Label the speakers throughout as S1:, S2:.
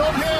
S1: Don't hit!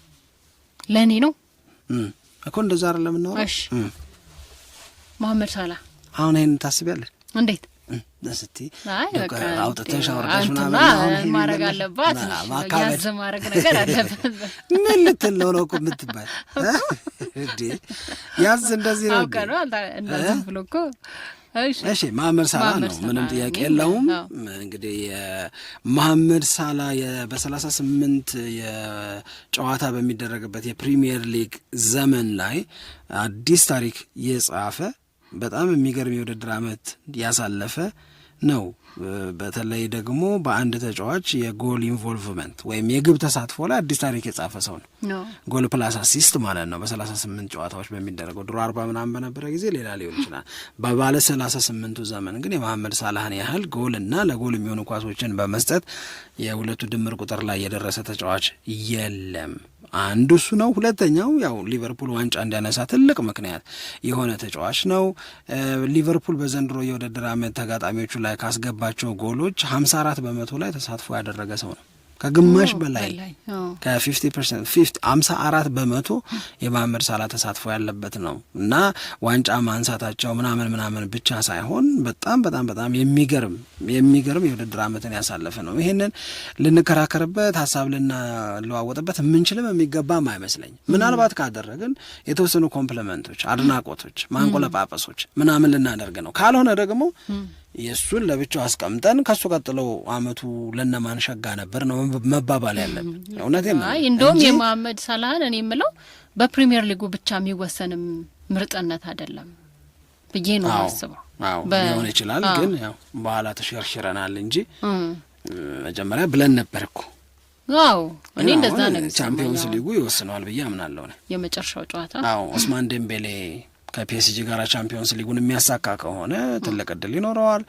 S2: ለእኔ ነው
S1: እኮ እንደዛ አለ የምናወራው።
S2: እሺ መሐመድ ሳላ
S1: አሁን ይህን ታስቢያለሽ? እንዴት ስቲ አውጥተሽ አውርደሽ
S2: ማድረግ አለባት። ያዝ ማድረግ ነገር አለበት።
S1: ምን ልትል ነው ነው የምትባል ያዝ እንደዚህ
S2: ነው ብሎ እኮ
S1: እሺ መሐመድ ሳላ ነው፣ ምንም ጥያቄ የለውም። እንግዲህ የመሐመድ ሳላ በሰላሳ ስምንት የጨዋታ በሚደረግበት የፕሪሚየር ሊግ ዘመን ላይ አዲስ ታሪክ የጻፈ በጣም የሚገርም የውድድር ዓመት ያሳለፈ ነው። በተለይ ደግሞ በአንድ ተጫዋች የጎል ኢንቮልቭመንት ወይም የግብ ተሳትፎ ላይ አዲስ ታሪክ የጻፈ ሰው ነው። ጎል ፕላስ አሲስት ማለት ነው። በሰላሳ ስምንት ጨዋታዎች በሚደረገው ድሮ አርባ ምናምን በነበረ ጊዜ ሌላ ሊሆን ይችላል። በባለ ሰላሳ ስምንቱ ዘመን ግን የመሐመድ ሳላህን ያህል ጎል እና ለጎል የሚሆኑ ኳሶችን በመስጠት የሁለቱ ድምር ቁጥር ላይ የደረሰ ተጫዋች የለም። አንዱ እሱ ነው። ሁለተኛው ያው ሊቨርፑል ዋንጫ እንዲያነሳ ትልቅ ምክንያት የሆነ ተጫዋች ነው። ሊቨርፑል በዘንድሮ የውድድር ዓመት ተጋጣሚዎቹ ላይ ካስገባቸው ጎሎች 54 በመቶ ላይ ተሳትፎ ያደረገ ሰው ነው። ከግማሽ በላይ ከፊፍቲ ፐርሰንት ፊፍቲ አምሳ አራት በመቶ የማህመድ ሳላ ተሳትፎ ያለበት ነው እና ዋንጫ ማንሳታቸው ምናምን ምናምን ብቻ ሳይሆን በጣም በጣም በጣም የሚገርም የሚገርም የውድድር ዓመትን ያሳለፈ ነው። ይህንን ልንከራከርበት ሀሳብ ልናለዋወጥበት የምንችልም የሚገባም አይመስለኝ። ምናልባት ካደረግን የተወሰኑ ኮምፕሊመንቶች፣ አድናቆቶች፣ ማንቆለጳጳሶች ምናምን ልናደርግ ነው ካልሆነ ደግሞ የእሱን ለብቻው አስቀምጠን ከእሱ ቀጥለው አመቱ ለነማን ሸጋ ነበር ነው መባባል ያለብን። እውነቴን
S2: እንደውም የመሀመድ ሰላህን እኔ የምለው በፕሪሚየር ሊጉ ብቻ የሚወሰንም ምርጥነት አይደለም ብዬ ነው አስበው።
S1: ሊሆን ይችላል ግን ያው በኋላ ተሸርሽረናል እንጂ መጀመሪያ ብለን ነበር እኮ
S2: ዋው እኔ እንደዛ ነው።
S1: ቻምፒዮንስ ሊጉ ይወስነዋል ብዬ አምናለሁ።
S2: የመጨረሻው ጨዋታ
S1: አዎ ኦስማን ዴምቤሌ ከፒኤስጂ ጋር ቻምፒዮንስ ሊጉን የሚያሳካ ከሆነ ትልቅ እድል ይኖረዋል።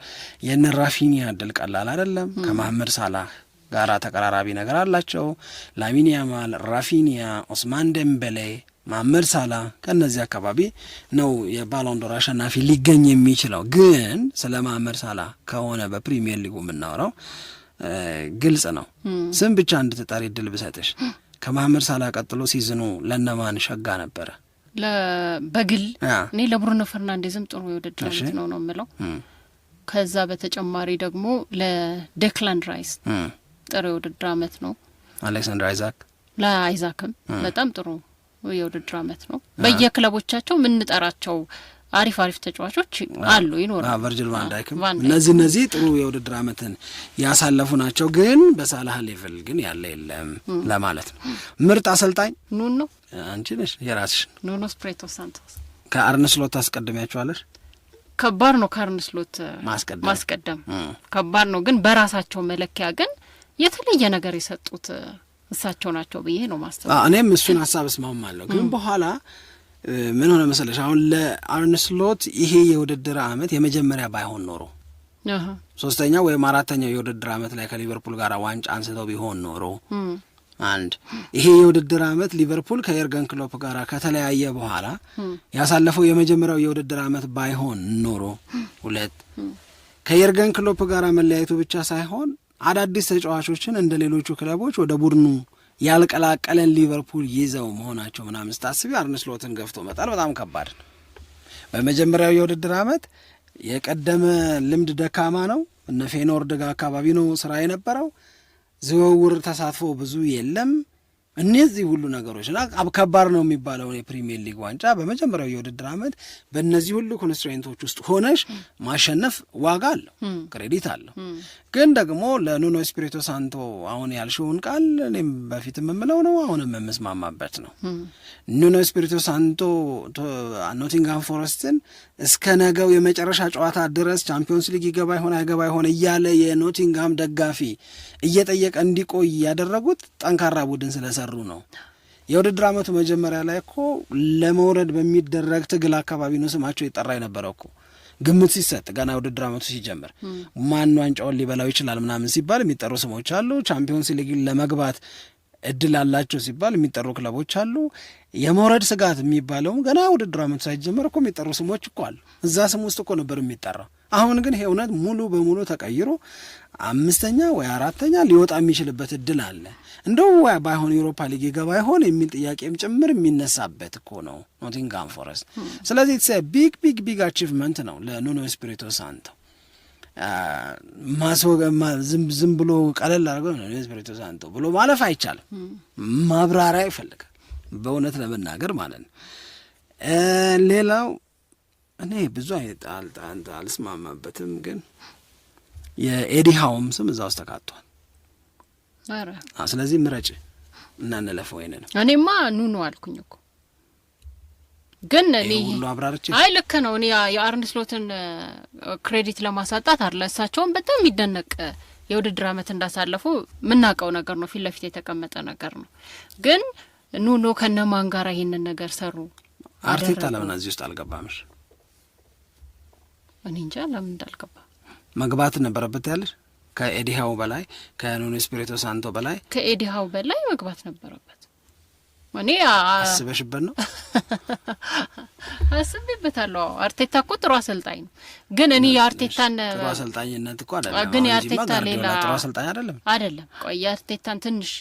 S1: የነ ራፊኒያ እድል ቀላል አይደለም። ከማህመድ ሳላህ ጋራ ተቀራራቢ ነገር አላቸው። ላሚን ያማል፣ ራፊኒያ፣ ኦስማን ደምበሌ፣ ማህመድ ሳላህ ከእነዚህ አካባቢ ነው የባሎንዶር አሸናፊ ሊገኝ የሚችለው። ግን ስለ ማመድ ሳላህ ከሆነ በፕሪሚየር ሊጉ የምናወራው ግልጽ ነው። ስም ብቻ እንድትጠሪ እድል ብሰጥሽ ከማህመድ ሳላ ቀጥሎ ሲዝኑ ለነማን ሸጋ ነበረ?
S2: በግል እኔ ለብሩኖ ፈርናንዴዝም ጥሩ የውድድር አመት ነው ነው የምለው። ከዛ በተጨማሪ ደግሞ ለዴክላንድ ራይስ ጥሩ የውድድር አመት ነው።
S1: አሌክሳንደር አይዛክ
S2: ለአይዛክም በጣም ጥሩ የውድድር አመት ነው። በየክለቦቻቸው የምንጠራቸው አሪፍ አሪፍ ተጫዋቾች አሉ
S1: ይኖራሉ። ቨርጅል ቫንዳይክም እነዚህ እነዚህ ጥሩ የውድድር አመትን ያሳለፉ ናቸው። ግን በሳላህ ሌቭል ግን ያለ የለም ለማለት ነው። ምርጥ አሰልጣኝ ኑኖ አንቺ ነሽ የራስሽ
S2: ኑኖ ስፕሬቶ ሳንቶስ
S1: ከአርነ ስሎት አስቀድሚያቸዋለሽ።
S2: ከባድ ነው ከአርነ ስሎት ማስቀደም ከባድ ነው። ግን በራሳቸው መለኪያ ግን የተለየ ነገር የሰጡት እሳቸው ናቸው ብዬ ነው ማስተ
S1: እኔም እሱን ሀሳብ እስማማለሁ ግን በኋላ ምን ሆነ መሰለሽ፣ አሁን ለአርነ ስሎት ይሄ የውድድር አመት የመጀመሪያ ባይሆን ኖሮ ሶስተኛው ወይም አራተኛው የውድድር አመት ላይ ከሊቨርፑል ጋር ዋንጫ አንስተው ቢሆን ኖሮ አንድ ይሄ የውድድር አመት ሊቨርፑል ከኤርገን ክሎፕ ጋር ከተለያየ በኋላ ያሳለፈው የመጀመሪያው የውድድር አመት ባይሆን ኖሮ፣ ሁለት ከኤርገን ክሎፕ ጋር መለያየቱ ብቻ ሳይሆን አዳዲስ ተጫዋቾችን እንደ ሌሎቹ ክለቦች ወደ ቡድኑ ያልቀላቀለን ሊቨርፑል ይዘው መሆናቸው ምናምን ስታስቢ አርንስሎትን ገፍቶ መጣል በጣም ከባድ ነው። በመጀመሪያው የውድድር ዓመት የቀደመ ልምድ ደካማ ነው። እነ ፌኖርድ አካባቢ ነው ስራ የነበረው። ዝውውር ተሳትፎ ብዙ የለም። እነዚህ ሁሉ ነገሮች እና ከባድ ነው የሚባለውን የፕሪሚየር ሊግ ዋንጫ በመጀመሪያው የውድድር ዓመት በእነዚህ ሁሉ ኮንስትሬንቶች ውስጥ ሆነሽ ማሸነፍ ዋጋ አለው፣ ክሬዲት አለው። ግን ደግሞ ለኑኖ ስፒሪቶ ሳንቶ አሁን ያልሽውን ቃል እኔም በፊት የምምለው ነው፣ አሁንም የምስማማበት ነው። ኑኖ ስፒሪቶ ሳንቶ ኖቲንጋም ፎረስትን እስከ ነገው የመጨረሻ ጨዋታ ድረስ ቻምፒዮንስ ሊግ ይገባ ይሆን አይገባ ይሆን እያለ የኖቲንጋም ደጋፊ እየጠየቀ እንዲቆይ ያደረጉት ጠንካራ ቡድን ስለሰ እየሰሩ ነው። የውድድር ዓመቱ መጀመሪያ ላይ እኮ ለመውረድ በሚደረግ ትግል አካባቢ ነው ስማቸው የጠራ የነበረው እኮ ግምት ሲሰጥ ገና ውድድር ዓመቱ ሲጀምር ማን ዋንጫውን ሊበላው ይችላል ምናምን ሲባል የሚጠሩ ስሞች አሉ። ቻምፒዮንስ ሊግ ለመግባት እድል አላቸው ሲባል የሚጠሩ ክለቦች አሉ። የመውረድ ስጋት የሚባለውም ገና ውድድር ዓመቱ ሳይጀመር እኮ የሚጠሩ ስሞች እኮ አሉ። እዛ ስም ውስጥ እኮ ነበር የሚጠራው። አሁን ግን ይሄ እውነት ሙሉ በሙሉ ተቀይሮ አምስተኛ ወይ አራተኛ ሊወጣ የሚችልበት እድል አለ። እንደው ባይሆን ዩሮፓ ሊግ ይገባ ይሆን የሚል ጥያቄም ጭምር የሚነሳበት እኮ ነው ኖቲንጋም ፎረስት። ስለዚህ ኢትስ ቢግ ቢግ ቢግ አቺቭመንት ነው ለኑኖ ስፒሪቶ ሳንቶ። ዝም ብሎ ቀለል አድርገው ኑኖ ስፒሪቶ ሳንቶ ብሎ ማለፍ አይቻልም። ማብራሪያ ይፈልጋል በእውነት ለመናገር ማለት ነው። ሌላው እኔ ብዙ አይነት አልስማማበትም፣ ግን የኤዲሃውም ስም እዛ ውስጥ ተካቷል። ስለዚህ ምረጭ እናንለፈው። ወይን ነው
S2: እኔማ ኑኑ አልኩኝ እኮ ግን እኔ ሁሉ አብራርቼ አይ ልክ ነው። እኔ የአርን ስሎትን ክሬዲት ለማሳጣት አለ እሳቸውን በጣም የሚደነቅ የውድድር አመት እንዳሳለፉ የምናውቀው ነገር ነው። ፊት ለፊት የተቀመጠ ነገር ነው። ግን ኑኖ ከነማን ጋር ይህንን ነገር ሰሩ?
S1: አርቴታ ለምን እዚህ ውስጥ አልገባምሽ?
S2: እኔ እንጃ ለምን እንዳልገባ
S1: መግባት ነበረበት ያለሽ ከኤዲሃው በላይ ከኑኖ ስፒሪቶ ሳንቶ በላይ
S2: ከኤዲሃው በላይ መግባት ነበረበት። እኔ
S1: አስበሽበት ነው?
S2: አስቤበታለሁ። አርቴታ እኮ ጥሩ አሰልጣኝ ነው፣ ግን እኔ የአርቴታን
S1: ጥሩ አሰልጣኝነት እኮ አይደለም፣ ግን የአርቴታ ሌላ ጥሩ አሰልጣኝ አይደለም
S2: አይደለም። ቆይ የአርቴታን ትንሽ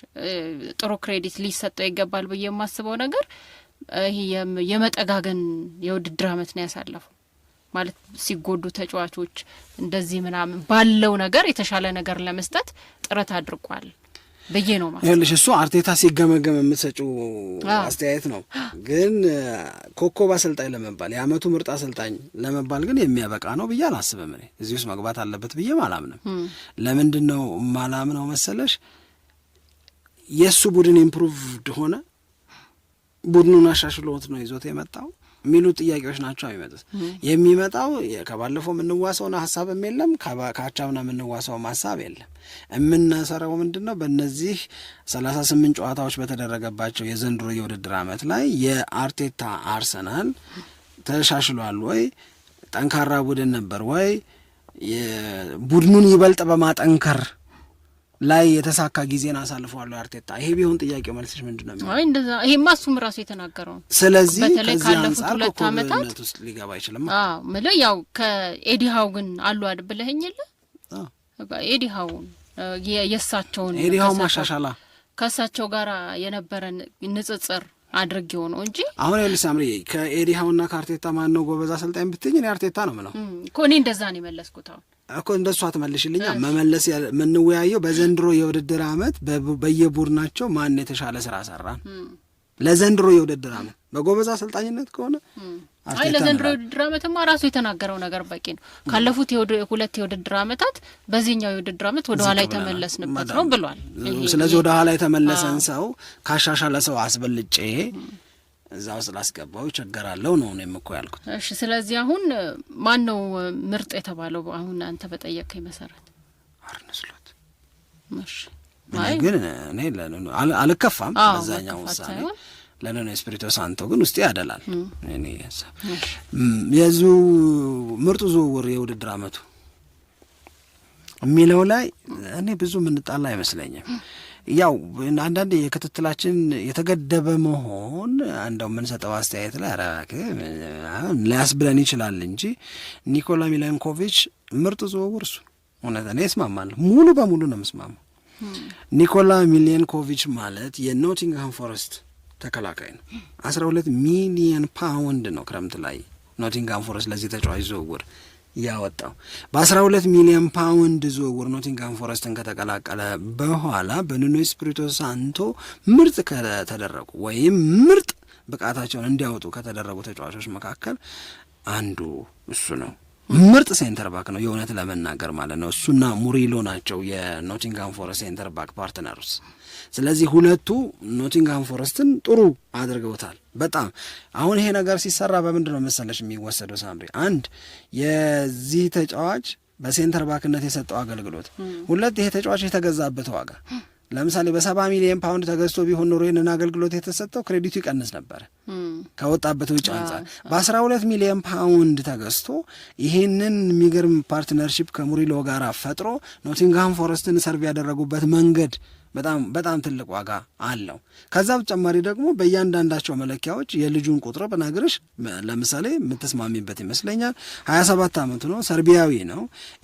S2: ጥሩ ክሬዲት ሊሰጠው ይገባል ብዬ የማስበው ነገር ይህ የመጠጋገን የውድድር አመት ነው ያሳለፉ ማለት ሲጎዱ ተጫዋቾች እንደዚህ ምናምን ባለው ነገር የተሻለ ነገር ለመስጠት ጥረት አድርጓል ብዬ ነው
S1: ማለት እሱ አርቴታ ሲገመገም የምትሰጪው አስተያየት ነው። ግን ኮከብ አሰልጣኝ ለመባል የአመቱ ምርጥ አሰልጣኝ ለመባል ግን የሚያበቃ ነው ብዬ አላስብም። እኔ እዚህ ውስጥ መግባት አለበት ብዬ አላምንም። ለምንድን ነው ማላምነው መሰለሽ? የእሱ ቡድን ኢምፕሩቭድ ሆነ፣ ቡድኑን አሻሽሎት ነው ይዞት የመጣው የሚሉ ጥያቄዎች ናቸው የሚመጡት። የሚመጣው ከባለፈው የምንዋሰውን ሀሳብም የለም ከአቻምና የምንዋሰውም ሀሳብ የለም። የምናሰራው ምንድን ነው? በእነዚህ ሰላሳ ስምንት ጨዋታዎች በተደረገባቸው የዘንድሮ የውድድር ዓመት ላይ የአርቴታ አርሰናል ተሻሽሏል ወይ? ጠንካራ ቡድን ነበር ወይ? ቡድኑን ይበልጥ በማጠንከር ላይ የተሳካ ጊዜን አሳልፈዋለሁ አርቴታ። ይሄ ቢሆን ጥያቄው መልስሽ ምንድን
S2: ነው? ይሄማ እሱም ራሱ የተናገረው ነው። ስለዚህ በተለይ ካለፉት ሁለት ዓመታት
S1: ውስጥ ሊገባ አይችልም።
S2: አዎ ያው ከኤዲ ሃው ግን አሉ አይደል ብለኸኝ የለ ኤዲ ሃውን የእሳቸውን
S1: ኤዲ ማሻሻላ
S2: ከእሳቸው ጋር የነበረ ንጽጽር አድርጌው ነው እንጂ
S1: አሁን ያሉ ሳምሪ ከኤዲ ሃውና ከአርቴታ ማን ነው ጎበዝ አሰልጣኝ ብትኝ እኔ አርቴታ ነው ምለው
S2: እኮ እኔ እንደዛ ነው የመለስኩት አሁን
S1: እኮ እንደሱ አትመልሽልኛ። መመለስ የምንወያየው በዘንድሮ የውድድር አመት በየቡድናቸው ማን የተሻለ ስራ ሰራ ለዘንድሮ የውድድር አመት በጎበዝ አሰልጣኝነት ከሆነ
S2: አይ ለዘንድሮ የውድድር አመትማ ራሱ የተናገረው ነገር በቂ ነው። ካለፉት ሁለት የውድድር አመታት በዚህኛው የውድድር ዓመት ወደ ኋላ የተመለስንበት ነው ብሏል።
S1: ስለዚህ ወደ ኋላ የተመለሰን ሰው ካሻሻለ ሰው አስበልጬ እዛ ውስጥ ላስገባው ይቸገራለው ነው ነው የምኮ ያልኩት።
S2: እሺ፣ ስለዚህ አሁን ማን ነው ምርጥ የተባለው? አሁን አንተ በጠየቅከኝ መሰረት አርነ ስሎት። እሺ፣
S1: ግን እኔ አልከፋም በዛኛው ውሳኔ ለኖን ኤስፒሪቶ ሳንቶ ግን ውስጤ ያደላል። የዙ ምርጡ ዝውውር የውድድር አመቱ የሚለው ላይ እኔ ብዙ ምንጣላ አይመስለኝም። ያው አንዳንድ የክትትላችን የተገደበ መሆን እንደው የምንሰጠው አስተያየት ላይ ሊያስብለን ይችላል እንጂ ኒኮላ ሚላንኮቪች ምርጥ ዝውውር እሱ እውነት እኔ እስማማለሁ፣ ሙሉ በሙሉ ነው የምስማማው። ኒኮላ ሚሊንኮቪች ማለት የኖቲንግሃም ፎረስት ተከላካይ ነው። አስራ ሁለት ሚሊየን ፓውንድ ነው ክረምት ላይ ኖቲንግሃም ፎረስት ለዚህ ተጫዋች ዝውውር ያወጣው በ12 ሚሊዮን ፓውንድ ዝውውር ኖቲንግሃም ፎረስትን ከተቀላቀለ በኋላ በኑኖ ስፒሪቶ ሳንቶ ምርጥ ከተደረጉ ወይም ምርጥ ብቃታቸውን እንዲያወጡ ከተደረጉ ተጫዋቾች መካከል አንዱ እሱ ነው። ምርጥ ሴንተር ባክ ነው የእውነት ለመናገር ማለት ነው። እሱና ሙሪሎ ናቸው የኖቲንግሃም ፎረስት ሴንተር ባክ ፓርትነርስ። ስለዚህ ሁለቱ ኖቲንግሃም ፎረስትን ጥሩ አድርገውታል በጣም። አሁን ይሄ ነገር ሲሰራ በምንድን ነው መሰለሽ የሚወሰደው ሳምሪ፣ አንድ የዚህ ተጫዋች በሴንተር ባክነት የሰጠው አገልግሎት፣ ሁለት ይሄ ተጫዋች የተገዛበት ዋጋ ለምሳሌ በሰባ ሚሊዮን ፓውንድ ተገዝቶ ቢሆን ኖሮ ይህንን አገልግሎት የተሰጠው ክሬዲቱ ይቀንስ ነበር ከወጣበት ውጭ አንጻር በአስራ ሁለት ሚሊዮን ፓውንድ ተገዝቶ ይህንን የሚገርም ፓርትነርሺፕ ከሙሪሎ ጋር ፈጥሮ ኖቲንግሃም ፎረስትን ሰርቭ ያደረጉበት መንገድ በጣም በጣም ትልቅ ዋጋ አለው። ከዛ በተጨማሪ ደግሞ በእያንዳንዳቸው መለኪያዎች የልጁን ቁጥር ብነግርሽ ለምሳሌ የምትስማሚበት ይመስለኛል። 27 ዓመቱ ነው፣ ሰርቢያዊ ነው።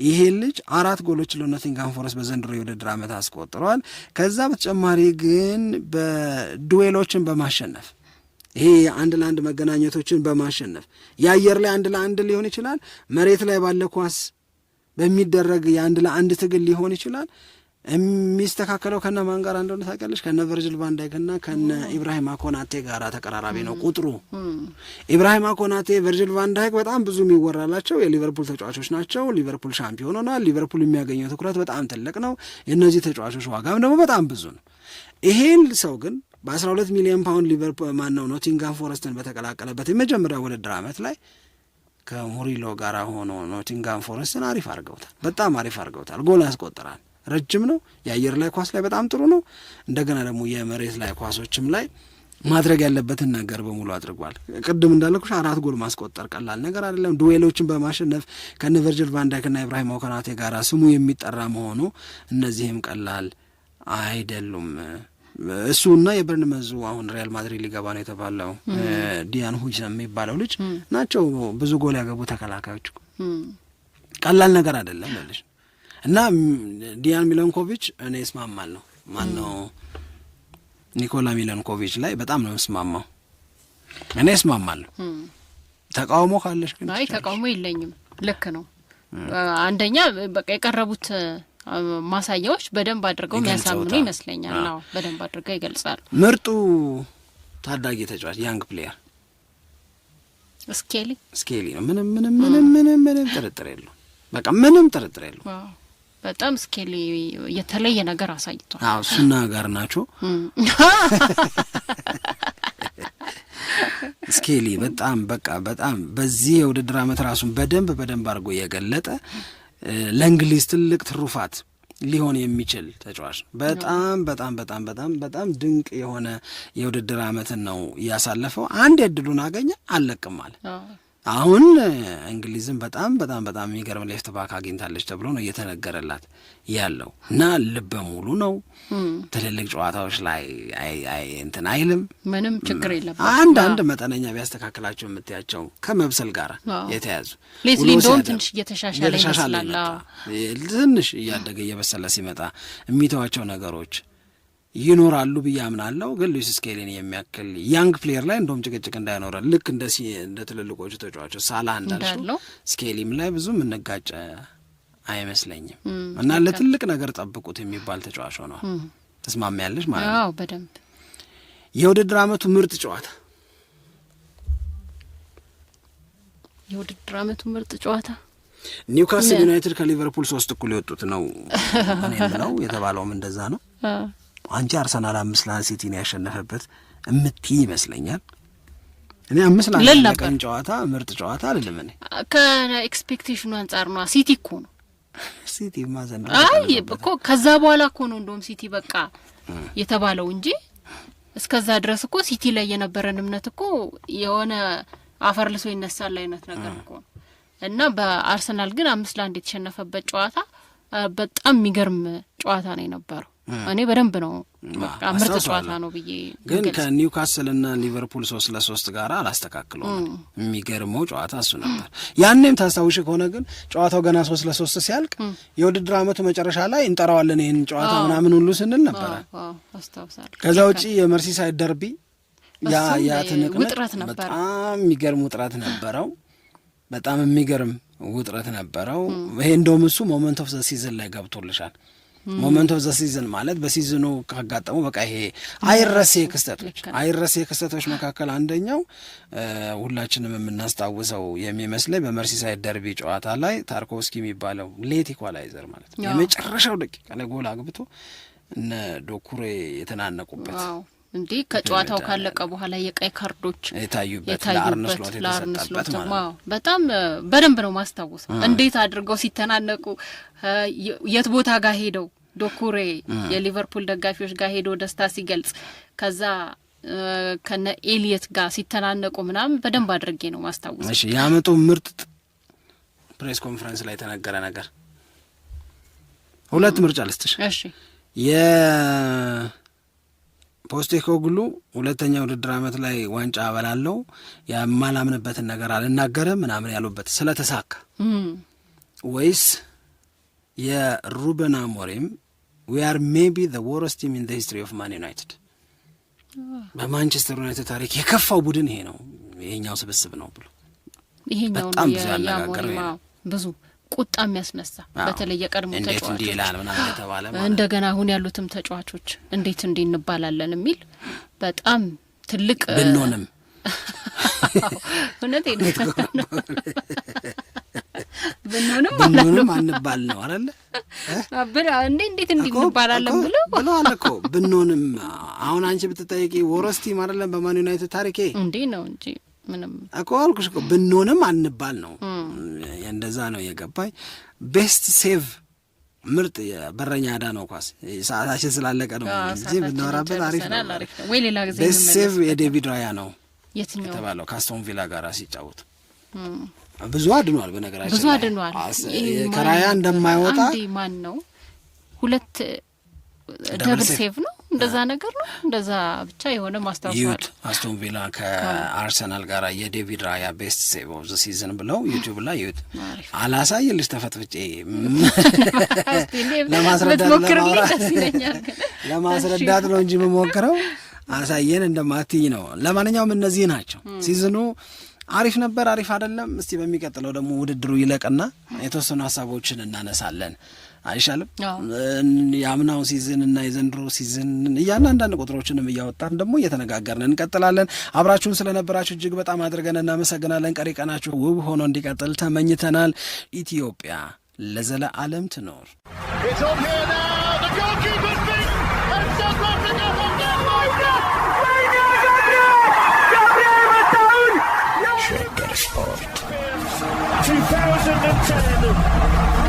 S1: ይሄ ልጅ አራት ጎሎች ለኖቲንግሃም ፎረስት በዘንድሮ የውድድር ዓመት አስቆጥሯል። ከዛ በተጨማሪ ግን በዱዌሎችን በማሸነፍ ይሄ አንድ ለአንድ መገናኘቶችን በማሸነፍ የአየር ላይ አንድ ለአንድ ሊሆን ይችላል፣ መሬት ላይ ባለ ኳስ በሚደረግ የአንድ ለአንድ ትግል ሊሆን ይችላል የሚስተካከለው ከነ ማን ጋር እንደሆነ ታውቂያለሽ? ከነ ቨርጅል ቫንዳይክና ከነ ኢብራሂም አኮናቴ ጋር ተቀራራቢ ነው ቁጥሩ። ኢብራሂም አኮናቴ፣ ቨርጅል ቫንዳይክ በጣም ብዙ የሚወራላቸው የሊቨርፑል ተጫዋቾች ናቸው። ሊቨርፑል ሻምፒዮን ሆኗል። ሊቨርፑል የሚያገኘው ትኩረት በጣም ትልቅ ነው። የእነዚህ ተጫዋቾች ዋጋም ደግሞ በጣም ብዙ ነው። ይሄን ሰው ግን በ12 ሚሊዮን ፓውንድ ሊቨርፑል ማነው ኖቲንጋም ፎረስትን በተቀላቀለበት የመጀመሪያ ውድድር ዓመት ላይ ከሙሪሎ ጋር ሆኖ ኖቲንጋም ፎረስትን አሪፍ አድርገውታል። በጣም አሪፍ አድርገውታል። ጎል ያስቆጥራል ረጅም ነው። የአየር ላይ ኳስ ላይ በጣም ጥሩ ነው። እንደገና ደግሞ የመሬት ላይ ኳሶችም ላይ ማድረግ ያለበትን ነገር በሙሉ አድርጓል። ቅድም እንዳልኩሽ አራት ጎል ማስቆጠር ቀላል ነገር አይደለም። ዱዌሎችን በማሸነፍ ከነ ቨርጅል ቫንዳይክና ኢብራሂም አውከናቴ ጋር ስሙ የሚጠራ መሆኑ እነዚህም ቀላል አይደሉም። እሱ እና የበርንመዙ አሁን ሪያል ማድሪድ ሊገባ ነው የተባለው ዲያን ሁጅሰን የሚባለው ልጅ ናቸው ብዙ ጎል ያገቡ ተከላካዮች። ቀላል ነገር አይደለም። እና ዲያን ሚለንኮቪች እኔ እስማማል ነው ማን ነው ኒኮላ ሚለንኮቪች ላይ በጣም ነው የምስማማው። እኔ ነው ተቃውሞ ካለሽ
S2: ግን አይ ተቃውሞ የለኝም። ልክ ነው። አንደኛ በቃ የቀረቡት ማሳያዎች በደንብ አድርገው የሚያሳምኑ ይመስለኛል። ነው በደንብ አድርገው ይገልጻሉ።
S1: ምርጡ ታዳጊ ተጫዋች ያንግ ፕሌየር ስኬሊ ስኬሊ ነው። ምንም ምንም ምንም ምንም ጥርጥር የለው በቃ ምንም ጥርጥር የለው
S2: በጣም ስኬሊ የተለየ ነገር አሳይቷል።
S1: አዎ እሱና ጋር ናቸው። ስኬሊ በጣም በቃ በጣም በዚህ የውድድር ዓመት ራሱን በደንብ በደንብ አድርጎ የገለጠ ለእንግሊዝ ትልቅ ትሩፋት ሊሆን የሚችል ተጫዋች በጣም በጣም በጣም በጣም በጣም ድንቅ የሆነ የውድድር አመትን ነው እያሳለፈው። አንድ እድሉን አገኘ አለቅም አለ። አሁን እንግሊዝም በጣም በጣም በጣም የሚገርም ሌፍት ባክ አግኝታለች ተብሎ ነው እየተነገረላት ያለው እና ልበ ሙሉ ነው። ትልልቅ ጨዋታዎች ላይ እንትን አይልም፣
S2: ምንም ችግር የለም።
S1: አንዳንድ መጠነኛ ቢያስተካክላቸው የምትያቸው ከመብሰል ጋር የተያዙ
S2: ሌስሊ እንደውም ትንሽ እየተሻሻለ ይመስላል።
S1: ትንሽ እያደገ እየበሰለ ሲመጣ የሚተዋቸው ነገሮች ይኖራሉ ብዬ አምናለሁ። ግን ሉዊስ ስኬሊን የሚያክል ያንግ ፕሌየር ላይ እንደውም ጭቅጭቅ እንዳይኖረ ልክ እንደ እንደ ትልልቆቹ ተጫዋቾች ሳላ እንዳልሽው ስኬሊም ላይ ብዙ የምንጋጨ አይመስለኝም እና ለትልቅ ነገር ጠብቁት የሚባል ተጫዋች ሆነዋል። ተስማሚያለሽ
S2: ማለት ነው? በደንብ
S1: የውድድር አመቱ ምርጥ ጨዋታ
S2: የውድድር አመቱ ምርጥ ጨዋታ
S1: ኒውካስል ዩናይትድ ከሊቨርፑል ሶስት እኩል የወጡት ነው ነው የተባለውም እንደዛ ነው። አንቺ አርሰናል አምስት ለአንድ ሲቲን ያሸነፈበት እምትይ ይመስለኛል። እኔ አምስት ለአንድ ቀን ጨዋታ ምርጥ ጨዋታ አይደለም። እኔ
S2: ከኤክስፔክቴሽኑ አንጻር ነው። ሲቲ እኮ ነው ሲቲ ማዘን አይ እኮ ከዛ በኋላ እኮ ነው እንደውም ሲቲ በቃ የተባለው እንጂ እስከዛ ድረስ እኮ ሲቲ ላይ የነበረን እምነት እኮ የሆነ አፈር ልሶ ይነሳል አይነት ነገር እኮ ነው እና በአርሰናል ግን አምስት ለአንድ የተሸነፈበት ጨዋታ በጣም የሚገርም ጨዋታ ነው የነበረው። እኔ በደንብ ነው ምርጥ ጨዋታ ነው ብዬ
S1: ግን ከኒውካስል ከኒውካስልና ሊቨርፑል ሶስት ለሶስት ጋር አላስተካክለውም። የሚገርመው ጨዋታ እሱ ነበር። ያኔም ታስታውሽ ከሆነ ግን ጨዋታው ገና ሶስት ለሶስት ሲያልቅ የውድድር ዓመቱ መጨረሻ ላይ እንጠራዋለን ይህን ጨዋታ ምናምን ሁሉ ስንል ነበረ። ከዛ ውጪ የመርሲሳይድ ደርቢ ያ
S2: ያ ትንቅንቅ
S1: በጣም የሚገርም ውጥረት ነበረው። በጣም የሚገርም ውጥረት ነበረው። ይሄ እንደውም እሱ ሞመንት ኦፍ ዘ ሲዝን ላይ ገብቶልሻል ሞመንት ኦፍ ዘ ሲዝን ማለት በሲዝኑ ካጋጠሙ በቃ ይሄ አይረሴ ክስተቶች አይረሴ ክስተቶች መካከል አንደኛው ሁላችንም የምናስታውሰው የሚመስለኝ በመርሲሳይድ ደርቢ ጨዋታ ላይ ታርኮቭስኪ የሚባለው ሌት ኢኳላይዘር ማለት ነው። የመጨረሻው ደቂቃ ላይ ጎል አግብቶ እነ ዶኩሬ የተናነቁበት
S2: እንዲህ ከጨዋታው ካለቀ በኋላ የቀይ ካርዶች
S1: የታዩበት
S2: ለአርነ በጣም በደንብ ነው ማስታወሰው። እንዴት አድርገው ሲተናነቁ የት ቦታ ጋር ሄደው ዶኩሬ የሊቨርፑል ደጋፊዎች ጋር ሄዶ ደስታ ሲገልጽ ከዛ ከነ ኤሊየት ጋር ሲተናነቁ ምናምን በደንብ አድርጌ ነው ማስታወስ።
S1: የአመቱ ምርጥ ፕሬስ ኮንፈረንስ ላይ የተነገረ ነገር ሁለት ምርጫ ልስትሽ። የፖስቴኮግሉ ሁለተኛ ውድድር አመት ላይ ዋንጫ አበላለው የማላምንበትን ነገር አልናገርም ምናምን ያሉበት ስለተሳካ ወይስ የሩበን አሞሪም ዊ አር ሜቢ ዘ ወረስት ቲም ኢን ዘ ሂስትሪ ኦፍ ማን ዩናይትድ። በማንቸስተር ዩናይትድ ታሪክ የከፋው ቡድን ይሄ ነው፣ ይሄኛው ስብስብ ነው ብሎ በጣም ብዙ
S2: ያነጋገረው ብዙ ቁጣ የሚያስነሳ በተለይ የቀድሞ ተጫዋቾች እንደገና አሁን ያሉትም ተጫዋቾች እንዴት እንዲህ እንባላለን የሚል በጣም ትልቅ ብንሆንም እውነት
S1: ብንሆንም ብንሆንም አንባል ነው አለ እንዴ?
S2: እንዴት እንዲህ ብሎ ብለው
S1: ብለዋል እኮ ብንሆንም። አሁን አንቺ ብትጠይቂ ወረስቲም አይደለም በማን ዩናይትድ ታሪኬ
S2: እንዴ ነው እንጂ ምንም
S1: እኮ አልኩሽ እኮ ብንሆንም አንባል ነው። እንደዛ ነው የገባኝ። ቤስት ሴቭ ምርጥ በረኛ አዳ ነው ኳስ ሰዓታችን ስላለቀ ነው
S2: እንጂ ብናወራበት አሪፍ
S1: ነው። ቤስት ሴቭ የዴቪድ ራያ ነው የተባለው ከአስቶን ቪላ ጋር ሲጫወት ብዙ አድኗል።
S2: በነገራችን ብዙ አድኗል።
S1: ከራያ እንደማይወጣ
S2: ማን ነው ሁለት ደብል ሴቭ ነው እንደዛ ነገር ነው እንደዛ ብቻ የሆነ
S1: ማስታወሳል። አስቶን ቪላ ከአርሰናል ጋር የዴቪድ ራያ ቤስት ሴቭ ኦፍ ዘ ሲዝን ብለው ዩቱብ ላይ ዩት አላሳይልሽ ተፈትፍጬ
S2: ለማስረዳት
S1: ለማስረዳት ነው እንጂ የምሞክረው አሳየን እንደማትኝ ነው። ለማንኛውም እነዚህ ናቸው ሲዝኑ አሪፍ ነበር፣ አሪፍ አይደለም። እስቲ በሚቀጥለው ደግሞ ውድድሩ ይለቅና የተወሰኑ ሀሳቦችን እናነሳለን። አይሻልም? የአምናው ሲዝን እና የዘንድሮ ሲዝን እያና አንዳንድ ቁጥሮችንም እያወጣን ደግሞ እየተነጋገርን እንቀጥላለን። አብራችሁን ስለነበራችሁ እጅግ በጣም አድርገን እናመሰግናለን። ቀሪ ቀናችሁ ውብ ሆኖ እንዲቀጥል ተመኝተናል። ኢትዮጵያ ለዘለዓለም ትኖር። 2010.